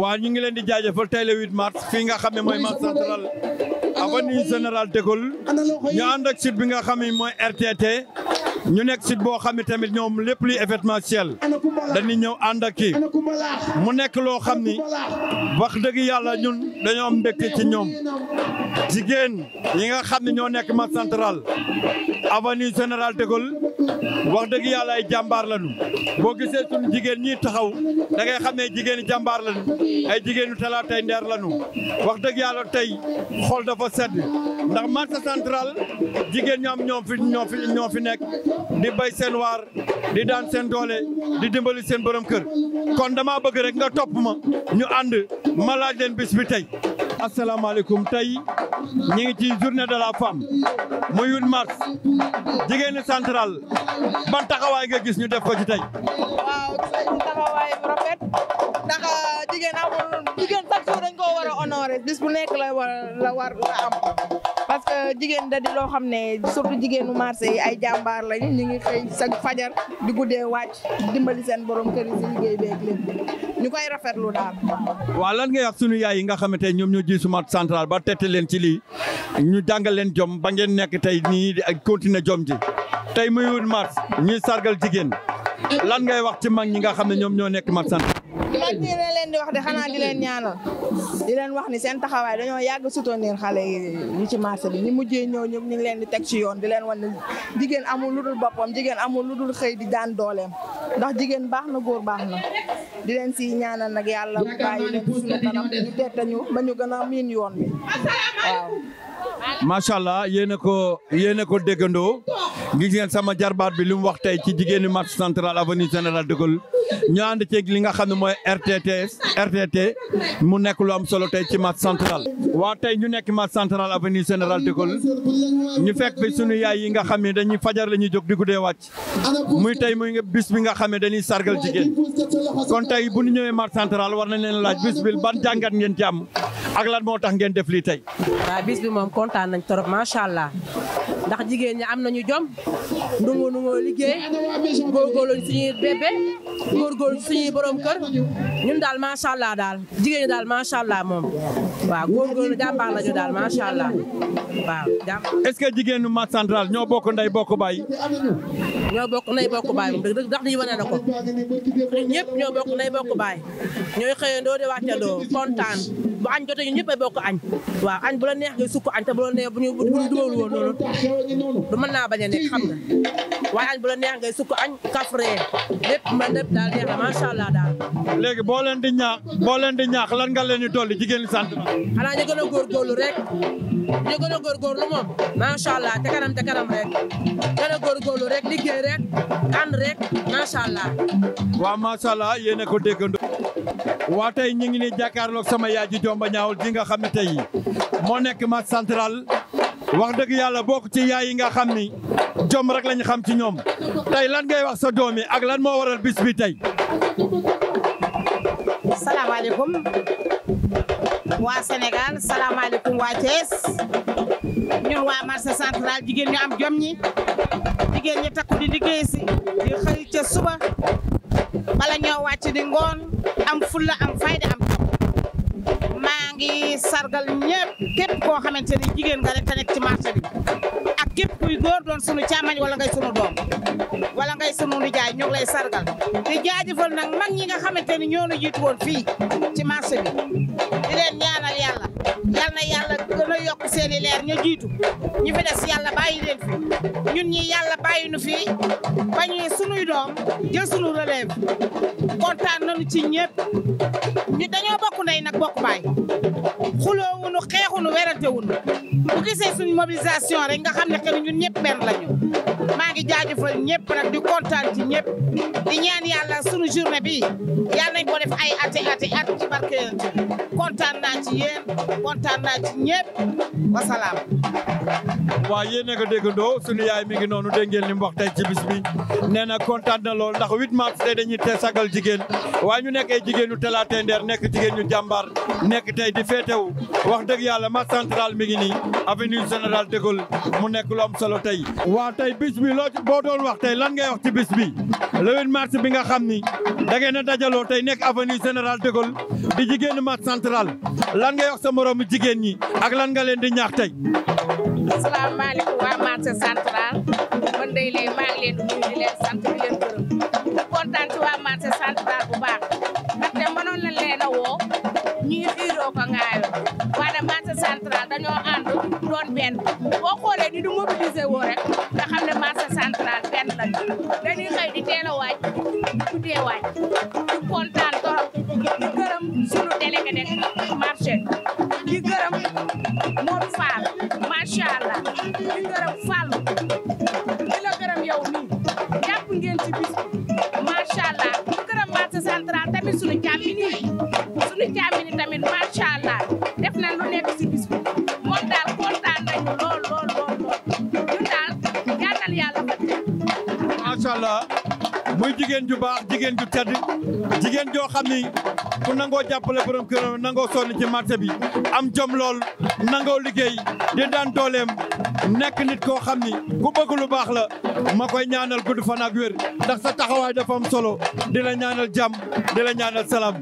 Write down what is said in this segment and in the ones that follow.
waaw ñu ngi leen di jaajëfal tey le 8 mars fii nga xam ne mooy ma central avenue Général de Gaulle ñu ànd ak site bi nga xam mooy RTT ñu nekk site boo xam ne tamit ñoom lépp luy événementiel dañuy ñëw ànd ak kii mu nekk loo xam ni wax dëgg yàlla ñun dañoo am mbégte ci ñoom jigéen ñi nga xam ne ñoo nekk Marché Central avenue Général de Gaulle wax dëgg yàlla ay jàmbaar lañu boo gisee suñu jigéen ñi taxaw da ngay xam ne jigéen i jàmbaar lañu ay jigéenu Talaatay Nder lañu wax dëgg yàlla tey xol dafa sedd ndax Marché Central jigéen ñoom ñoo fi ñoo fi ñoo fi nekk di bay seen waar di daan seen doole di dimbali seen borom kër kon dama bëgg rek nga topp ma ñu ànd ma laaj leen bis bi tey asalaamaaleykum tey ñi ngi ci journée de la femme muy 8 mars jigéeni central ban taxawaay nga gis ñu def ko ci tey waaw taxawaay bu rafet ndax ah, jigéen amul jigéen sax dañ koo war a honoré bis bu nekk la war la war la am parce que jigéen da di xam ne surtout jigéenu marché yi ay jàmbaar lañ ñi ngi xëy sa fajar di guddee wàcc dimbali seen borom kër yi si liggéey beeg lépp ñu koy rafetlu daal. waaw lan ngay wax sunu yaay yi nga xamante ñoom ñoo ji Smart Central ba tete leen ci lii ñu jàngal leen jom ba ngeen nekk tey nii di continuer jom ji tey muy wut mars ñuy sargal jigéen lan ngay wax ci mag ñi nga xam ne ñoom ñoo nekk Smart Central. rek nii leen di wax de xanaa di leen ñaanal di leen wax ni seen taxawaay dañoo yàgg soutenir xale yi ci marché bi ñi mujjee ñëw ñëpp ñu ngi leen di teg ci yoon di leen wan ne jigéen amul lu dul boppam jigéen amul lu dul xëy di daan dooleem ndax jigéen baax na góor baax na di leen si ñaanal nag yàlla bàyyi leen suñu kanam ñu teet ñu ba ñu gën a miin yoon bi waaw macha allah yéen a ko yéen ko déggandoo gis sama jarbaat bi li mu wax tey ci jigéenu marché central avenue général de Gaulle ñu ànd ceeg li nga xam ne mooy RTTS RTT mu nekk lu am solo tey ci marché central. waa tey ñu nekk marché central avenue général de ñu fekk fi sunu yaay yi nga xam ne dañuy fajar la ñuy jóg di guddee wàcc muy tey muy bis bi nga xam ne dañuy sargal jigéen kon tey bu nu ñëwee marché central war nañ leen laaj bis bi ban jàngat ngeen ci am ak lan moo tax ngeen def lii tey. kontaan nañ torop macha allah ndax jigéen ñi am nañu jom ndungu ndungu liggéey góorgóorlu suñuy bébé góorgóorlu suñuy borom kër ñun daal macha allah daal jigéen ñi daal macha allah moom waaw góorgóorlu jàmbaar lañu daal macha allah waaw. est-ce que jigéenu Mat Central ñoo bokk ndey bokk baay. ñoo bokk ndey bokk baay moom dëgg ndax ñu wane na ko ñëpp ñoo bokk ndey bokk baay ñooy xëyandoo di wàccandoo kontaan bu añ jotee ñu ñëpp a bokk añ waaw añ bu la neex nga sukk añ te bu woon ne bu ñu bu ñu dugal woon loolu du mën naa bañ a nekk xam nga waaye añ bu la neex ngay sukk añ kafree lépp man lépp daal neex na macha allah daal. léegi boo leen di ñaax boo leen di ñaax lan nga leen di dolli jigéen ñi sant na. xanaa ñu gën a rek. ñu gën a góorgóorlu moom macha allah te kanam te kanam rek gën a góorgóorlu rek liggéey rek ànd rek macha allah. waa macha allah yéen ko déggandoo. waa tey ñu ngi ni jàkkaarloog sama yaay ji jomba ñaawul ji nga xam ne tey moo nekk ma central wax dëgg yàlla book ci yaay yi nga xam ni jom rek lañu xam ci ñoom tey lan ngay wax sa doom yi ak lan moo waral bis bi tey. salaamaaleykum. waa Sénégal salaamaaleykum waa Thiès ñun waa marché central jigéen ñu am jom ñi jigéen ñi takku di liggéey si di xëy ca suba bala ñoo wàcc di ngoon am fulla am fayda am maa ngi sargal ñëpp képp koo xamante ni jigéen nga rek te nekk ci marché bi ak képp kuy góor doon sunu càmmañ wala ngay sunu doom wala ngay sunu nijaay ñu ngi lay sargal di jaajëfal nag mag ñi nga xamante ni ñoo nu jiitu woon fii ci marché bi di leen ñaanal yàlla. yal na yàlla gën a yokk seen i leer ñu jiitu ñu fi des yàlla bàyyi leen fi ñun ñi yàlla bàyyi nu fi bañuy sunuy doom jël sunu relève kontaan nañu ci ñëpp ñu dañoo bokk ndey nag bokk baay xuloo wuñu waxunu werante wunu bu gisee suñ mobilisation rek nga xam ne que ñun ñëpp benn lañu maa ngi jaajëfal ñëpp nag di kontaan ci ñëpp di ñaan yàlla sunu journée bi yàlla ko def ay ati ati at ci barke kontaan naa ci yéen kontaan naa ci ñëpp wasalaam. waaw yéen a ko déggandoo sunu yaay mi ngi noonu dégg ngeen li mu wax ci bis bi nee na kontaan ne lool ndax 8 ma tey dañuy te sagal jigéen waaye ñu nekk ay jigéenu Talla Tender nekk jigéen ñu jàmbaar nekk tey di féetewu wax dëgg yàlla. la marché central mi ngi nii avenue général de Gaulle mu nekk lu am solo tey. waa tey bis bi loo boo doon wax tey lan ngay wax ci bis bi le 8 bi nga xam ni da ngeen dajaloo tey nekk avenue général de Gaulle di jigéenu marché central lan ngay wax sa moroomu jigéen ñi ak lan nga leen di ñaax tey. asalaamaaleykum waa marché central man day lay maa ngi leen di nuyu leen sant di leen gërëm di waa marché central bu baax ndaxte mënoon na leen a ñuy xiiroo ko ŋaayoo waa de marché central dañoo ànd doon benn boo xoolee ni du mobiliser woo rek nga xam ne marché benn lañ dañuy xëy di teel a waaj guddee waaj di kontaan torop di gërëm sunu délégué de marché di gërëm moom Fall macha allah di gërëm Fall di la gërëm yow nii jàpp ngeen ci bis macha allah di gërëm marché central tamit sunu jàmmi nii bi caamini muy jigéen ju baax jigéen ju tedd jigéen joo xam ni ku nangoo jàppale borom këram nangoo sonn ci marché bi am jom lool nangoo liggéey di daan dooleem nekk nit koo xam ni ku bëgg lu baax la ma koy ñaanal gudd fan ak wér ndax sa taxawaay dafa am solo di la ñaanal jàmm di la ñaanal salaam.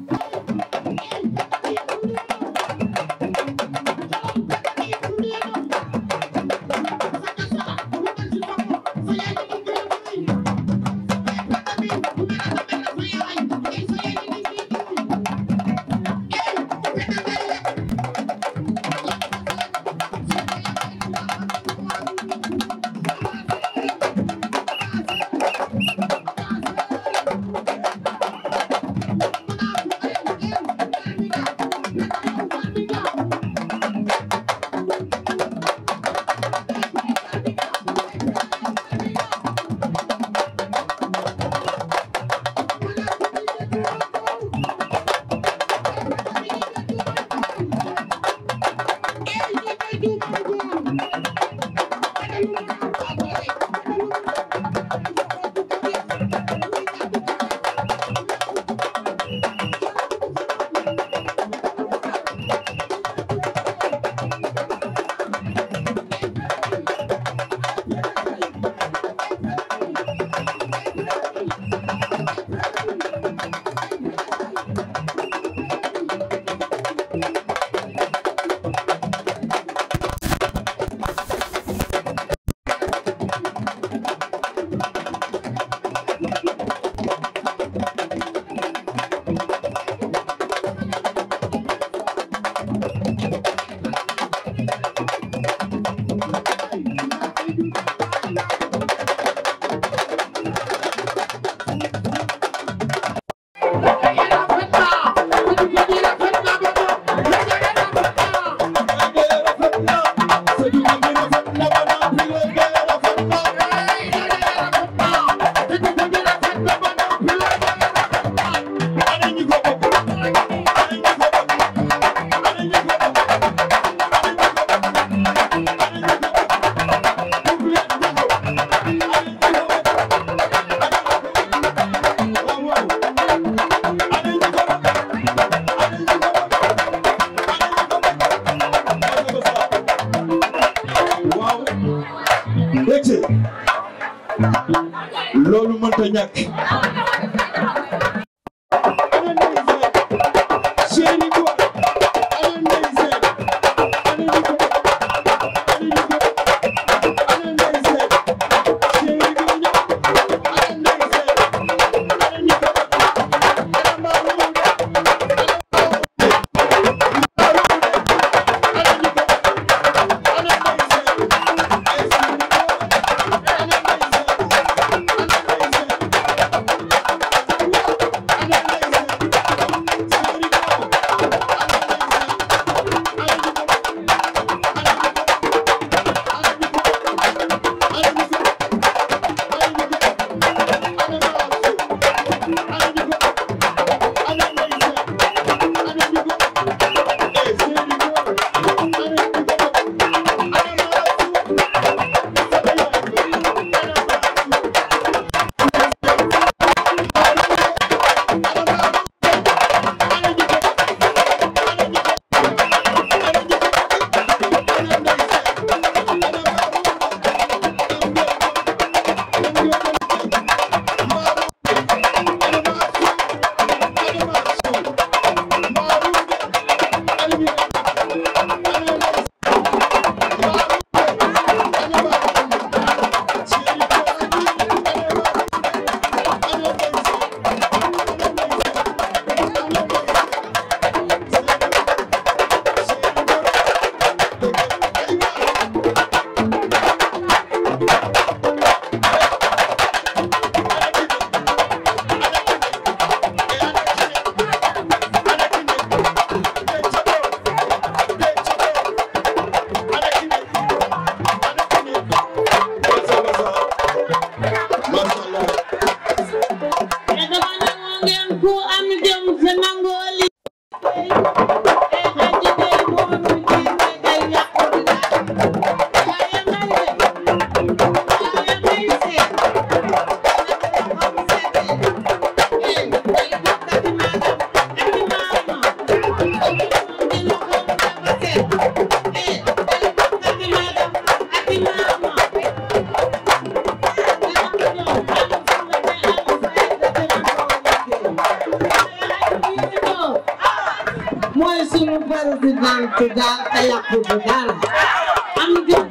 ñàkk I'm good.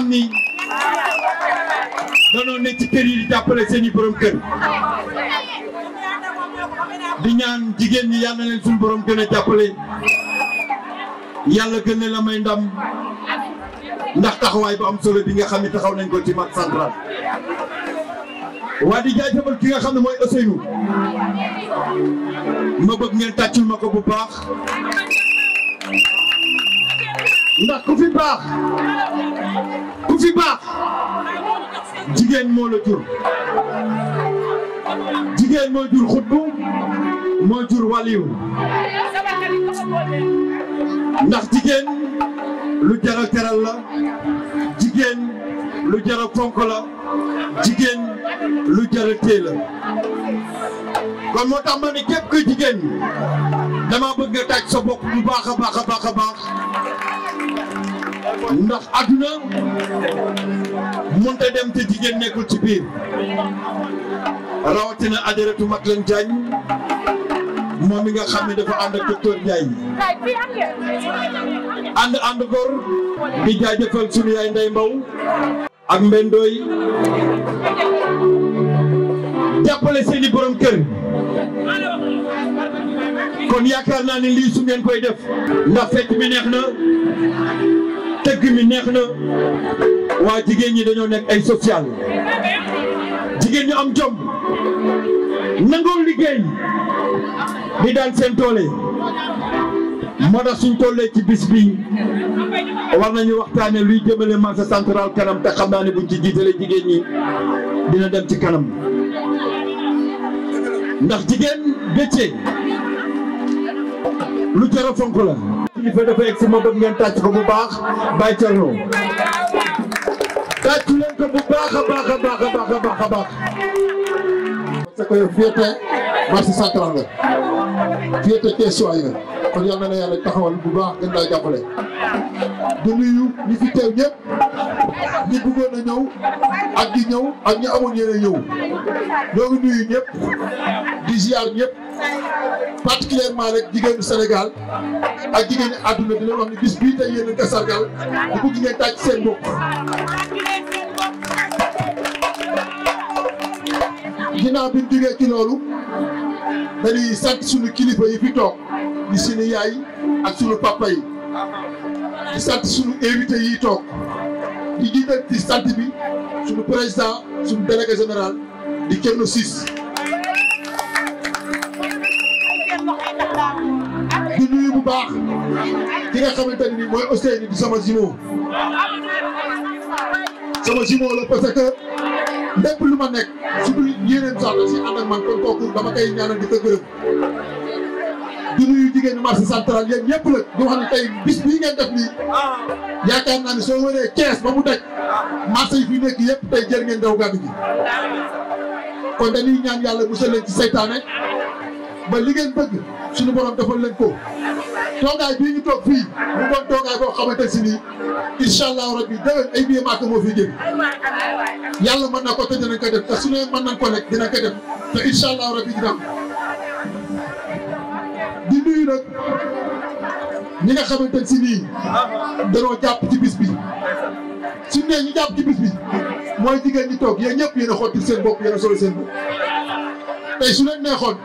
xam ni danoo ne ci kër di jàppale seeni i borom kër di ñaan jigéen ñi yàlla leen suñu borom gën a jàppale yàlla gën a la may ndam ndax taxawaay bu am solo bi nga xam ne taxaw nañ ko ci mag central waa di jaajëfal ki nga xam ne mooy Ousseynou ma bëgg ngeen tàccul ma ko bu baax ndax ku fi baax ku fi baax jigéen moo la jur jigéen moo jur xutbu moo jur waliw ndax jigéen lu jar a la jigéen lu jar a la jigéen lu jar a téye la kon moo tax ma ne képp ku jigéen dama bëgg nga tàj sa bopp bu baax a baax a baax a baax ndax adduna dem te jigéen nekkul ci biir rawatina ajaratu mat leen Diagne moom mi nga xam ne dafa ànd ak docteur Ndiaye yaay Ndey Mbaw ak mbendooy jàppale seeni borom kër kon yaakaar naa ni lii su ngeen koy def ndax fecc mi neex na tëgg mi neex na waa jigéen ñi dañoo nekk ay social jigéen ñu am jom nangoo liggéey di daan seen toole moo tax suñ tollee ci bis bi war nañu waxtaane luy jëmale marché central kanam te xam naa ne buñ ci jiitalee jigéen ñi dina dem ci kanam ndax jigéen béccee lu jar a fonk la. kilifa dafa egg si ma ngeen tàcc ko bu baax Baye Thierno tàcc leen ko bu baax a baax a baax a baax a baax a baax. parce que yow féete marché central nga féete Thiès waay nga. kon yal na la yàlla taxawal bu baax gën laa jàppale. di nuyu ñi fi teew ñëpp ñi bëggoon a ñëw ak di ñëw ak ñi amoon yéene ñëw ñoo ngi nuyu ñëpp di ziar ñëpp particulièrement rek jigéenu Sénégal ak jigéenu àdduna di leen wax ne bis bii tey yéen a ko sargal di bëgg seen bopp. ginnaaw bi ñu ci loolu dañuy sant suñu kilifa yi fi toog. di suñu ak suñu papa yi di sant suñu invité yi toog di jiital di sant bi suñu président suñu délégué général di Thierno Ciss di nuyu bu baax ki nga xamante ne nii mooy Ousseynou di sama jumeau sama jumeau la parce que lépp lu ma nekk su dul yéeneen sax si ànd ak man kon kooku dama koy ñaanal di ko nuyu jigéen ñi marché central yéen ñëpp la di wax ne tey bis bii ngeen def nii ah. yaakaar naa ne soo wëree Thiès ba mu daj ah. marché yi fi nekk yëpp tey jër ngeen daw gàddu gi ah. kon dañuy ñaan yàlla musal leen ci seytaane ba li ngeen bëgg suñu borom defal leen ko toogaay bii ñu toog fii mu doon toogaay boo xamante si nii incha allahu rabbi déwén ay biir màkk moo fi jëm yàlla mën na ko te dinañ ko def te su ne mën nañ ko nekk dinañ ko def te incha allahu rabbi dina am di nuyu nag ñi nga xamante ne si nii danoo jàpp ci bis bi si nee ñu jàpp ci bis bi mooy jigéen ñi toog yéen ñëpp yéen a xotti seen bopp yéen a solo seen bopp tey su leen neexoon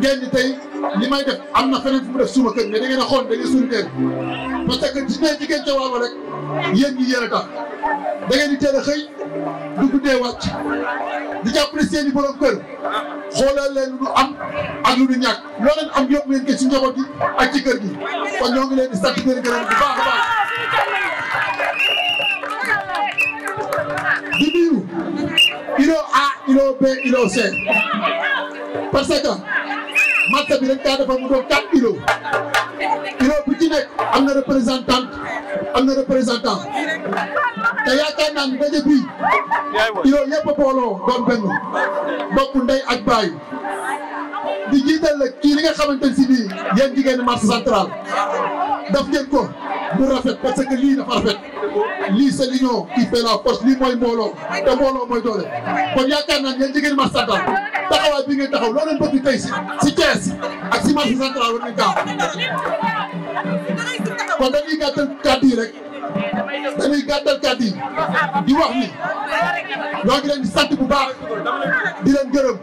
ngeen di tey li may def am na feneen fu mu def suuma kër mais da ngeen a xool da ngeen suul kër parce que su dee jigéen ca waalo rek yéen ñi yéen a tax da di teel a xëy du guddee di jàppale seen i borom kër xoolal leen am ak lu ñu ñàkk loo leen am yóbbu ngeen ko ci njaboot gi ak ci kër gi ñoo ngi leen di sant di leen gërëm a baax. di nuyu ilo A ilo B ilo C parce que. marché bi dañ kaa defar mu doon 4 kilos kilo bu ci nekk am na représentante am na représentant te yaakaar naa ne daje bii kilo yëpp a booloo doon benn bokk ndey ak baay di jiital la kii li nga xamante ne si nii yéen jigéen marché central daf ngeen ko mu rafet parce que lii dafa rafet. lii c'est l'union qui fait la force lii mooy mbooloo te mbooloo mooy doole kon yaakaar naa ngeen jigéen ma santal taxawaay bi ngeen taxaw loo leen bëgg tey si si Thiès ak si marché central war nañ gaaw kon dañuy gàttal kàddu yi rek dañuy gàttal kàddu yi di wax ni ñoo ngi leen di sant bu baax di leen gërëm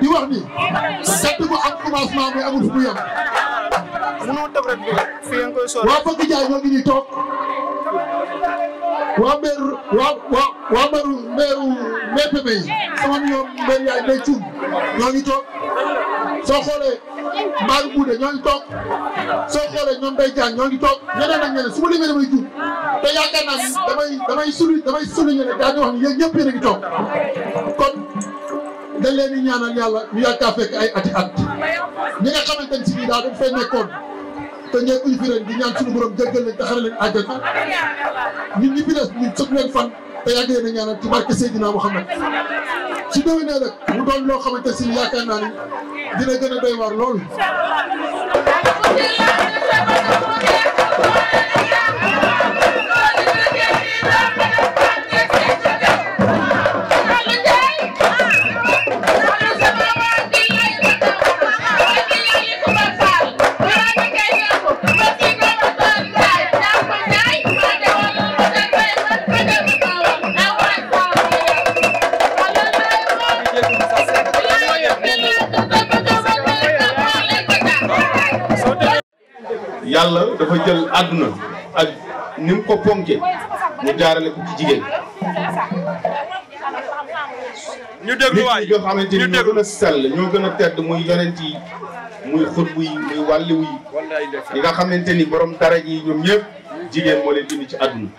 di wax ni sant bu am commencement muy am fu mu yem. waa Bëgg Jaay ñoo ngi nii toog waa maire waa waa waa maru maire maire PPI sama ñoom maire yaay Ndeye Thioune ñoo ngi toog soo xoolee. Mbaye Mboude ñoo ngi toog soo xoolee ñoom a jàng ñoo ngi toog ñeneen ak ñeneen su ma limee damay jub te yaakaar naa ni damay damay suli damay suli ñu ne daal di wax ni yéen ñëpp yéen a ngi toog kon dañ leen di ñaanal yàlla ñu yàgg a fekk ay ati at ñi nga xamante ne si bii daal dañ fay nekkoon. te ngeen uy fi ren di ñaan suñu borom jéggal leen taxare leen àjjana ñun ñi fi des ñun sëb leen fan te yàgg leen a ñaanal ci barke Seydina Mouhamed su mu doon loo xamante si yaakaar naa ni dina gën a doy waar lool. yàlla dafa jël àdduna ak ni ko ponke mu jaarale ko ci jigéen ñu déglu waay nit ñi xamante ni ñoo gën a sell ñoo gën a tedd muy yonent yi muy xutbu yi muy wàlliwu yi yi nga xamante ni borom dara yi ñoom ñëpp jigéen moo leen indi ci àdduna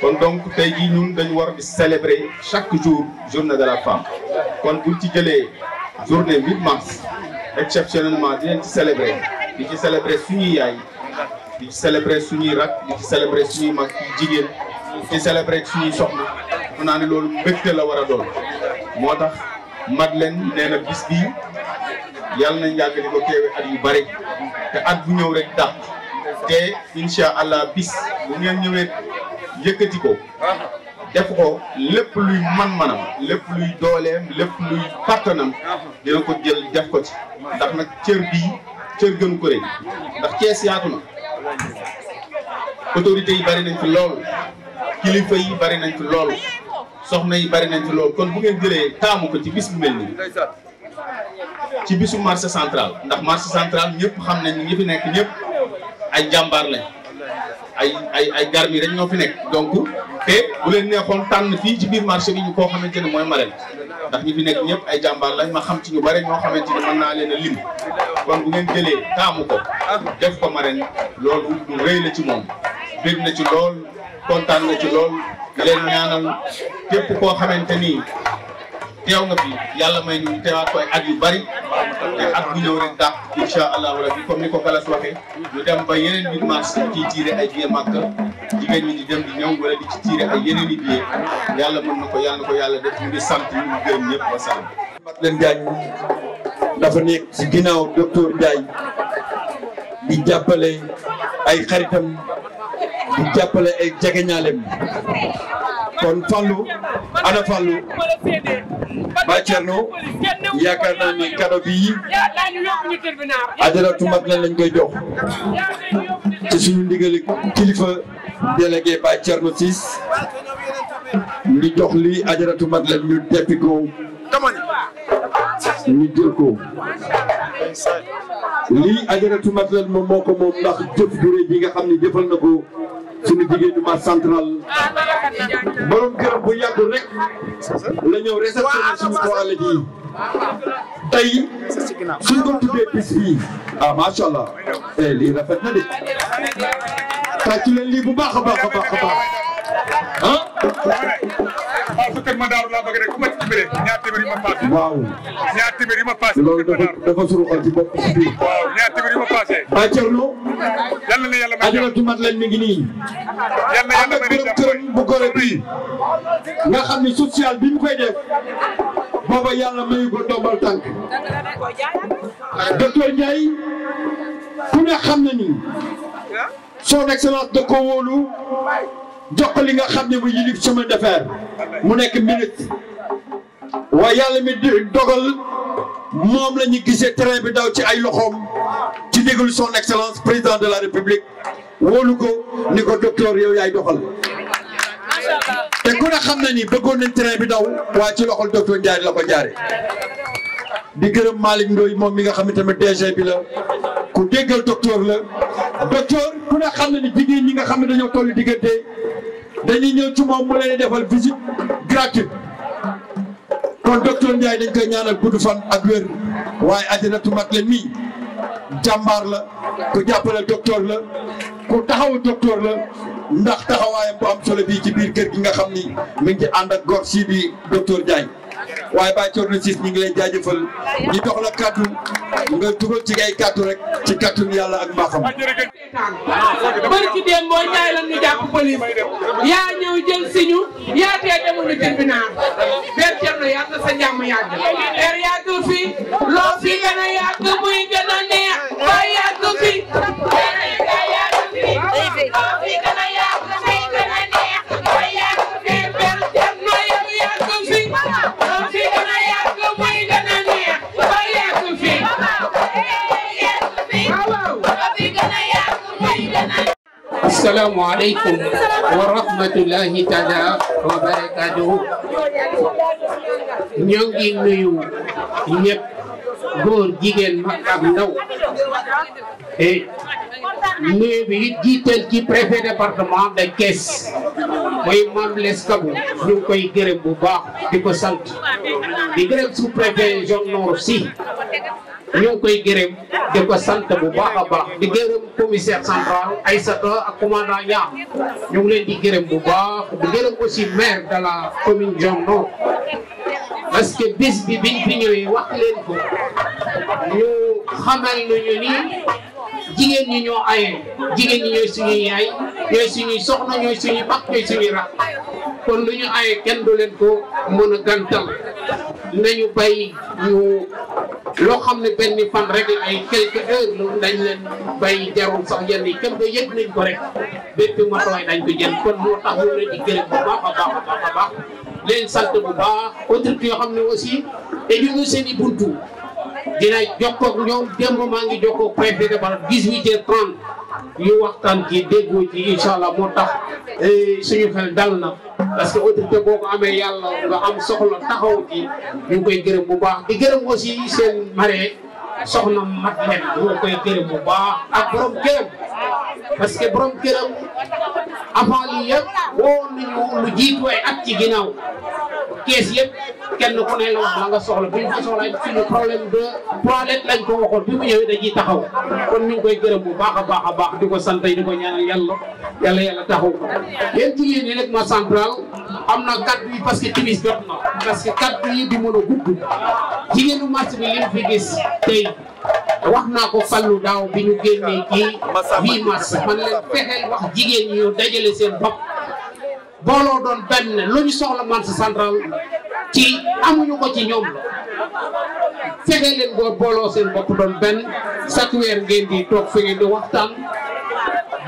kon donc tey jii ñun dañu war di célébrer chaque jour journée de la femme kon buñ ci jëlee journée 8 mars exceptionnellement dinañ ci célébrer di ci célébrer suñuy yaay di ci selebre suñuy rak di ci célébrer suñuy mag soxna mu naa ne loolu mbégte la war a doon moo tax Madeleine nee na bis bii yàlla nañ yàgg di ko teewe at yu bare te at bu ñëw rek dàq te incha allah bis bu ngeen ñëwee yëkkati ko def ko lépp luy man-manam lépp luy dooleem lépp luy kàttanam dina ko jël def ko ci ndax nag cër bii cër gënu ko rek ndax Cees yaatu na autorité yi bari nañ fi lool kilifa yi bari nañ fi lool soxna yi bari nañ fi lool kon bu ngeen jëlee taamu ko ci bis bu mel nii ci bisu marché central ndax marché central ñëpp xam nañ ñi fi nekk ñëpp ay jàmbaar lañ ay ay ay garmi rek ñoo fi nekk donc te bu leen neexoon tànn fii ci biir marché bi ñu koo xamante ne mooy Marème ndax ñi bi nekk ñëpp ay jàmbaar lañ ma xam ci ñu bari ñoo xamante ni mën naa leen a lim kon bu ngeen jëlee taamu ko def ko marraine loolu lu rëy la ci moom bég na ci lool kontaan na ci lool leen ñaanal képp koo xamante ni teew nga fi yàlla may ñu teewaat koy at yu bari te at bu ñëw rek dàq incha allahu rabbi comme ni ko galas waxee ñu dem ba yeneen 8 mars ciy tiire ay billet màkk jigéen ñi di dem di ñëw wala di ci tiire ay yeneen i billet yàlla mën na ko yàlla ko yàlla def ñu ngi sant ñu ngi gërëm ñëpp wa salaam leen Diagne dafa nekk si ginnaaw docteur Diagne di jàppale ay xaritam di jàppale ay jegeñaaleem kon Fallou ana Fallou ba Thierno yaakaar naa ni kado bii ajaratu mat lañ lañ koy jox ci suñu ndigali kilifa délégué ba Thierno Ciss ñu jox li ajaratu mat lañ ñu deppi ko jël ko lii ajaratu mat lañ moom moo ko moom ndax jëf durée nga xam ne jëfal na suñu jigéenu ma central borom gërëm bu yàggul rek la ñëw réceptionné suñu toilette yi tey suñ ko tuddee bis bii ah macha allah tey eh, lii na de tàccu leen lii bu baax a baax a baax ah. waaw bu kër ma daaru laa bëgg rek ku ma ci dimbale ñaar téeméer yi ma passé. waaw ñaar téeméer yi ma passé. loolu dafa dafa suru xol ci ma passé. waa Thierno. yal na yàlla may mi ngi nii. yal na yàlla may jàmm kërëm nga xam ni social bi mu koy def. booba yàlla mayu ko dombal tànk. docteur Ndiaye. ku ne xam na ni. son excellence da ko jox ko li nga xam ne mu yilif chemin de mu nekk ministre waa yàlla mi dogal moom la ñu gisee train bi daw ci ay loxoom ci déglu son excellence président de la république wóolu ko ni ko docteur yow yaay doxal te ku ne xam na ni bëggoon nañ train bi daw waaye ci loxol docteur Ndiaye la ko jaare di gërëm Malick Ndoye moom mi nga xam ne tamit DG bi la ku déggal docteur la docteur ku ne xam na ni jigéen ñi nga xam ne dañoo tollu diggante dañuy ñëw ci moom mu leen defal visite gratuite kon docteur Ndiaye dañ koy ñaanal gudd fan ak wér waaye Adjaratou Matlé mii jàmbaar la ku jàppale docteur la ku taxaw docteur la ndax taxawaayam bu am solo bii ci biir kër gi nga xam ni mi ngi ci ànd ak gor si bi docteur Ndiaye. waaye Baye Thierno Ciss ñu ngi lay jaajëfal ñu dox la kàddu nga dugal ci ay kàddu rek ci kàddu yàlla ak mbaaxam. barki démb boo jaay lan ñu jàpp police yaa ñëw jël si ñu yaa tee demuñu tribunal Père Thierno yàlla sa jàmm yàgg Père er, yàgg fi loo fi gën a yàgg muy gën a neex ba yàgg fi. Er, assalaamu aleykum wa rahmatullahi taala wa barakaatuhu ñoo ngi nuyu ñëpp góor jigéen mag ak ndaw e nuyu bi jiital ci préfet département de Thiès mooy Mame Less Kabou ñu koy gërëm bu baax di ko sant di gërëm sous préfet Jean Nour Sy ñu koy gërëm di ko sant bu baax a baax di gërëm commissaire central Aïssata ak commandant ñu ngi leen di gërëm bu baax di gërëm aussi maire de la commune Diomno parce que bis bi biñ fi ñëwee wax leen ko ñu xamal nañu ni jigéen ñi ñoo aye jigéen ñi ñooy suñuy yaay ñooy suñuy soxna ñooy suñuy bàq ñooy suñuy rax kon lu ñu aye kenn du leen ko mën a gàntal nañu bay ñu loo xam ne benn fan rek ay quelques heures dañ leen bay jarul sax yenn yi kenn ko yëg nañ ko rek bépp matuwaay dañ ko jël kon moo tax ñu leen di gërëm bu baax a baax a baax a baax leen sant bu baax autorité yoo xam ne aussi dañu ñu seen i buntu dina jokkoo ak ñoom démb maa ngi jokkoo préfet de Barra 18h30 ñu waxtaan ci déggoo ci incha allah moo tax eh, suñu xel dal na parce que autorité boo ko amee yàlla nga am soxla taxaw ci ñu koy gërëm bu baax di gërëm aussi seen marraine soxna Mat leen ñu koy gërëm bu baax ak borom këram parce que borom avant lii yëpp woon nañu lu jiitu ay at ci ginnaaw kees yëpp kenn ku ne la wax nga soxla bi ñu ko soxla suñu problème de toilette lañ ko waxoon bi mu ñëwee dañuy taxaw kon ñu ngi koy gërëm bu baax a baax a baax di ko sant di ko ñaanal yàlla yàlla yàlla taxaw ko yéen jigéen ñi rek ma central am na kaddu yi parce que timis jot na parce que kaddu yi di mën a gudd jigéenu marché bi li fi gis tey wax naa ko fallu daaw bi ñu génnee ci 8 mars man leen fexeel wax jigéen ñi ñu dajale seen bopp booloo doon benn lu ñu soxla marché central ci amuñu ko ci ñoom la fexe leen booloo seen bopp doon benn chaque weer ngeen di toog fi ngeen di waxtaan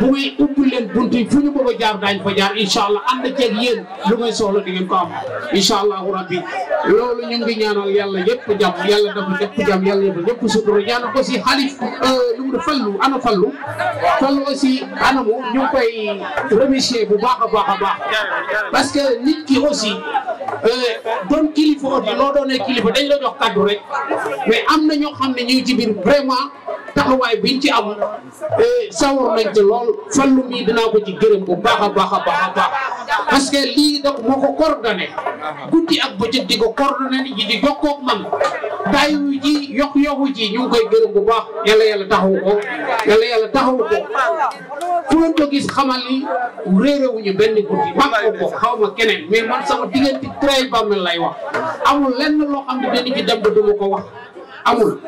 bu may ubbi leen bunt fu ñu bëgg a jaar daañ fa jaar incha allah ànd ceeg yéen lu ngay soxla di ngeen ko am incha allahu rabbi loolu ñu ngi ñaanal yàlla yëpp jàmm yàlla dafa ñëpp jàmm yàlla yëpp ñëpp sutura ñaanal aussi xalif lu euh, mu fallu ana fallu fallu aussi anamu ñu ngi koy remercier bu baax a baax a baax parce que nit ki aussi euh, doon kilifa aussi loo doonee kilifa dañ la jox kaddu rek mais am na ñoo xam ne ñu ngi ci vraiment taxawaay biñ ci am eh, sawar nañ ci lool fallu mii dinaa ko ci gërëm bu baax a baax a baax a baax parce que lii nag moo ko coordonné guddi ak bëccëg di ko coordonné nit ñi di jokkoog man yi ji yokk yokku ji ñu koy gërëm bu baax yàlla yàlla taxawu ko yàlla yàlla taxawu ko ku ko gis xamal ni réerewuñu benn guddi mag ko ko keneen mais man sama diggante trail ba mel lay wax amul lenn loo xam ne dañu ci dem ba duma ko wax amul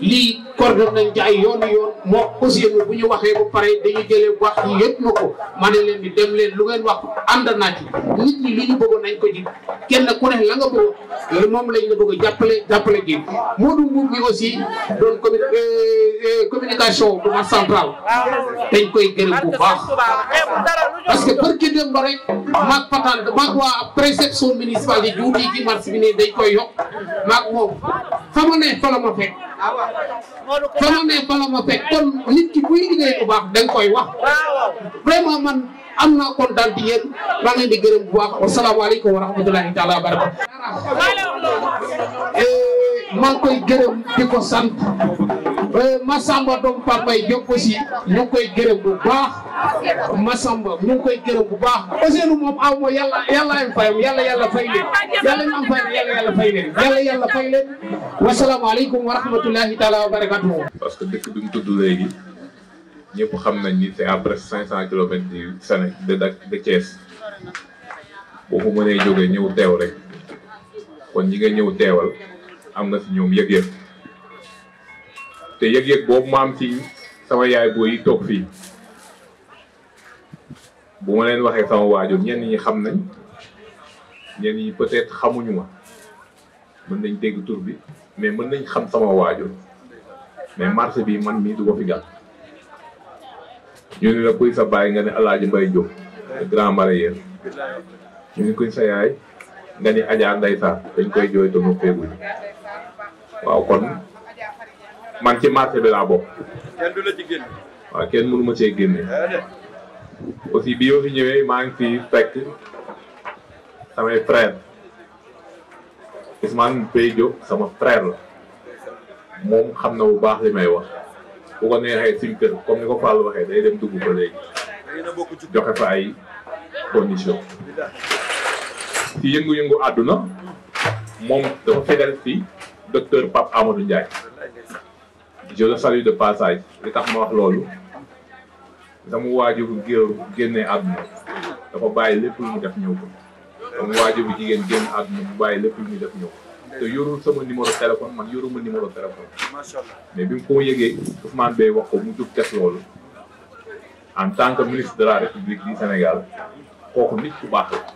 lii coordonné nañ ci ay yoon yoon moo Ousseynou bu ñu ba pare dañu jëlee wax yi yëpp ma ko ma ne leen di dem leen lu ngeen wax ànd naa ci nit ñi li ñu bëggoon nañ ko ji kenn ku ne la nga bëgg moom lañ la bëgg a jàppale jàppale gi Modou Mbour mi aussi doon euh, euh, communication bu central dañ koy gërëm bu baax parce que barki dem ba rek maag patan maag waa préception municipale yi juuti ci marché bi ne dañ koy yokk maag moom fa ma ne fa la ma fekk fa ma ma fekk kon nit ki buy liggéey bu baax da nga koy wax vraiment man am naa kontaan daal yéen maa ngi leen di gërëm bu baax wasalaamaaleykum wa rahmatulahi taala wa barakatu ma ngi koy gërëm di ko sant eh, Massamba doomu Papay Diop aussi ñu ngi koy gërëm bu baax Massamba ñu ngi koy gërëm bu baax Ousseynou moom aw ma yàlla yàlla am fayam yàlla yàlla fay leen yàlla ñu am fayam fay leen yàlla yàlla fay leen wasalaamaaleykum wa rahmatulahi taala wa barakatuhu parce que dëkk bi mu tudd léegi ñëpp xam nañ ni c'est à presque cinq cent kilomètres du Sénégal de boo ko mënee jógee ñëw teew rek kon ñi nga ñëw teewal am na si ñoom yëg-yëg te yëg-yëg boobu maam am ci sama yaay yi toog fii bu ma leen waxee sama waajur ñenn ñi xam nañ ñenn ñi peut xamuñu ma mën nañ dégg tur bi mais mën nañ xam sama waajur mais marché bi man mii du ko fi gàtt ñu ne la kuy sa baay nga ne Alaaji Mbay Jóob grand maraîcher ñu ne kuy sa yaay nga ni Adja Ndeye Sarr dañ koy jooy te noppeeguñu waaw kon man ci marché bi laa bokk. kenn du la ci waaw kenn mënu ma cee génne. aussi bi yoo fi ñëwee maa ngi fi fekk samay frère Ousmane Pay Diop sama frère la moom xam na bu baax li may wax bu ko neexee suñ kër comme ni ko Fall waxee day dem dugg fa léegi joxe fa ay condition ci yëngu-yëngu àdduna moom dafa fidèle fii docteur Pape Amadou Ndiaye je le salue de passage li tax ma wax loolu sama waajur bu génnee àdduna dafa bàyyi lépp lu mu def ñëw ko sama waajur bu jigéen génn àdduna mu bàyyi lépp lu mu def ñëw ko te yorul sama numéro téléphone man yorul ma numéro téléphone mais bi mu ko yëgee Ousmane Beye wax ko mu jub teg loolu en tant que ministre de la République du Sénégal kooku nit bu baax la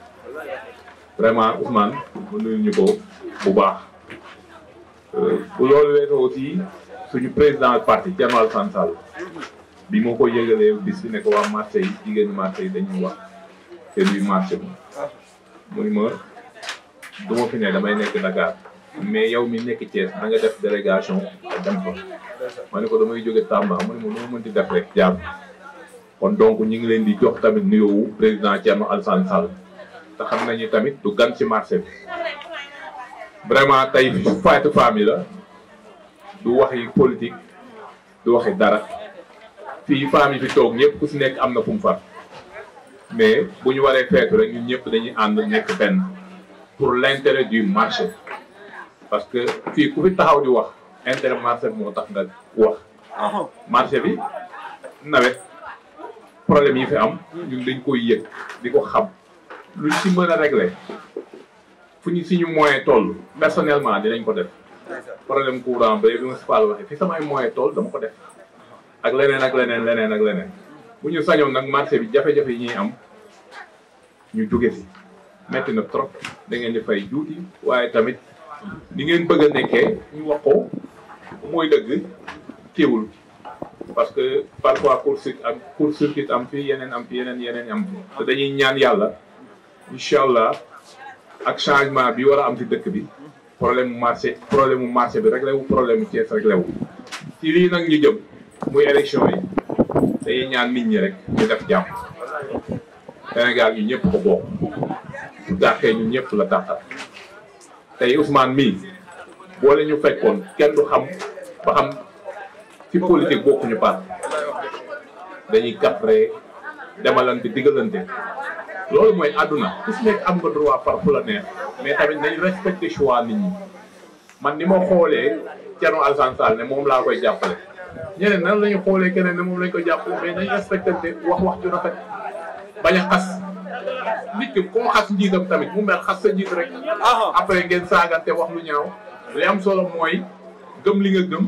vraiment Ousmane mu nuyu ñu ko bu baax bu loolu weesoo aussi suñu président parti Thierno Alassane Sall bi moo ko yëgalee bis bi ne ko waa Marseille jigéen ñi Marseille dañuy wax te luy marché bi mu ma du fi ne damay nekk mais yow mi nekk Thiès na def délégation ak ne ko damay jóge Tamba mu ne ma lu ma mën di def rek jàll kon donc ñu ngi leen di jox tamit nuyoowu président Thierno Alassane sal te xam nañu tamit du gan ci marché bi vraiment tey faytu famille la du waxi politique du waxi dara fii famille fi toog ñëpp ku si nekk am na fu mu far mais bu ñu waree feetu rek ñun ñëpp dañuy ànd nekk fenn pour l'intérêt du marché parce que fii ku fi taxaw di wax intérêt marché bi moo tax nga wax marché bi nawet problème yi fi am ñun dañ koy yëg di ko xam luñ ci mën a régler fu ñu suñu moyen toll personnellement dinañ ko def problème courant ba municipal waxee fi samay moyen toll dama ko def ak leneen ak leneen leneen ak leneen bu ñu sañoon nag marché bi jafe-jafe yi ñuy am ñu jóge si metti na trop da ngeen di fay juuti waaye tamit ni ngeen bëgg a nekkee ñu wax ko mooy dëgg teewul parce que parfois court-circuit am court am fii yeneen am fi yeneen yeneen am dañuy ñaan yàlla incha allah ak changement bi war a am ci dëkk bi problème mu marché problème mu marché bi réglé problème mu Thiès réglé wu ci lii nag ñu jëm muy élection yi dañuy ñaan nit ñi rek ñu def jàmm ñëpp la dàqal tey Ousmane mii boole ñu fekkoon kenn du xam ba xam ci politique bokkuñu part dañuy capter demalante digalante loolu mooy àdduna ku si nekk am nga droit far fu la neex mais tamit nañ respecté choix nit ñi man ni ma xoolee Thierno Alassane Sall ne moom laa koy jàppale. ñeneen nan la xoolee keneen ne moom lañ koy jàppale mais nañ respecté wax wax ju rafet bañ a xas nit ki comme xas njiitam tamit mu mel xas sa njiit rek. Ah. après ngeen saagante wax lu ñaaw. li am solo mooy gëm li nga gëm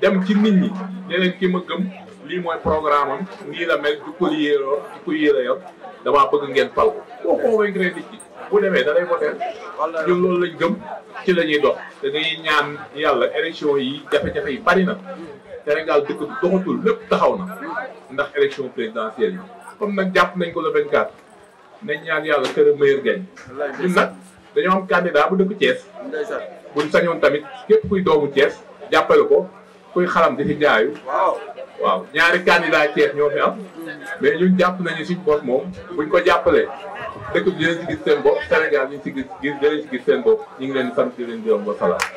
dem ci nit ñi ne leen ki ma gëm lii mooy programme am nii la mel du ko yéeroo damaa bëgg ngeen fal ko boo convaincre nit ñi bu demee da lay voteel loolu lañ gëm ci la ñuy dox te dañuy ñaan yàlla élection yi jafe-jafe yi bari na Sénégal dëkk bi doxatul lépp taxaw na ndax élection présidentielle yi comme nag jàpp nañ ko le 24 nañ ñaan yàlla que le meilleur gagne ñun nag dañoo am candidat bu dëkk Thiès buñ sañoon tamit képp kuy doomu Thiès jàppale ko kuy xalam di fi jaayu waaw ñaari candidat Thiès ñoo fi am mais ñun jàpp nañu siñ bopp moom buñ ko jàppale dëkk bi dinañ si gis seen bopp Sénégal ñu si gis gis dinañ si gis seen bopp ñu ngi leen sant di leen gërëm ba salaam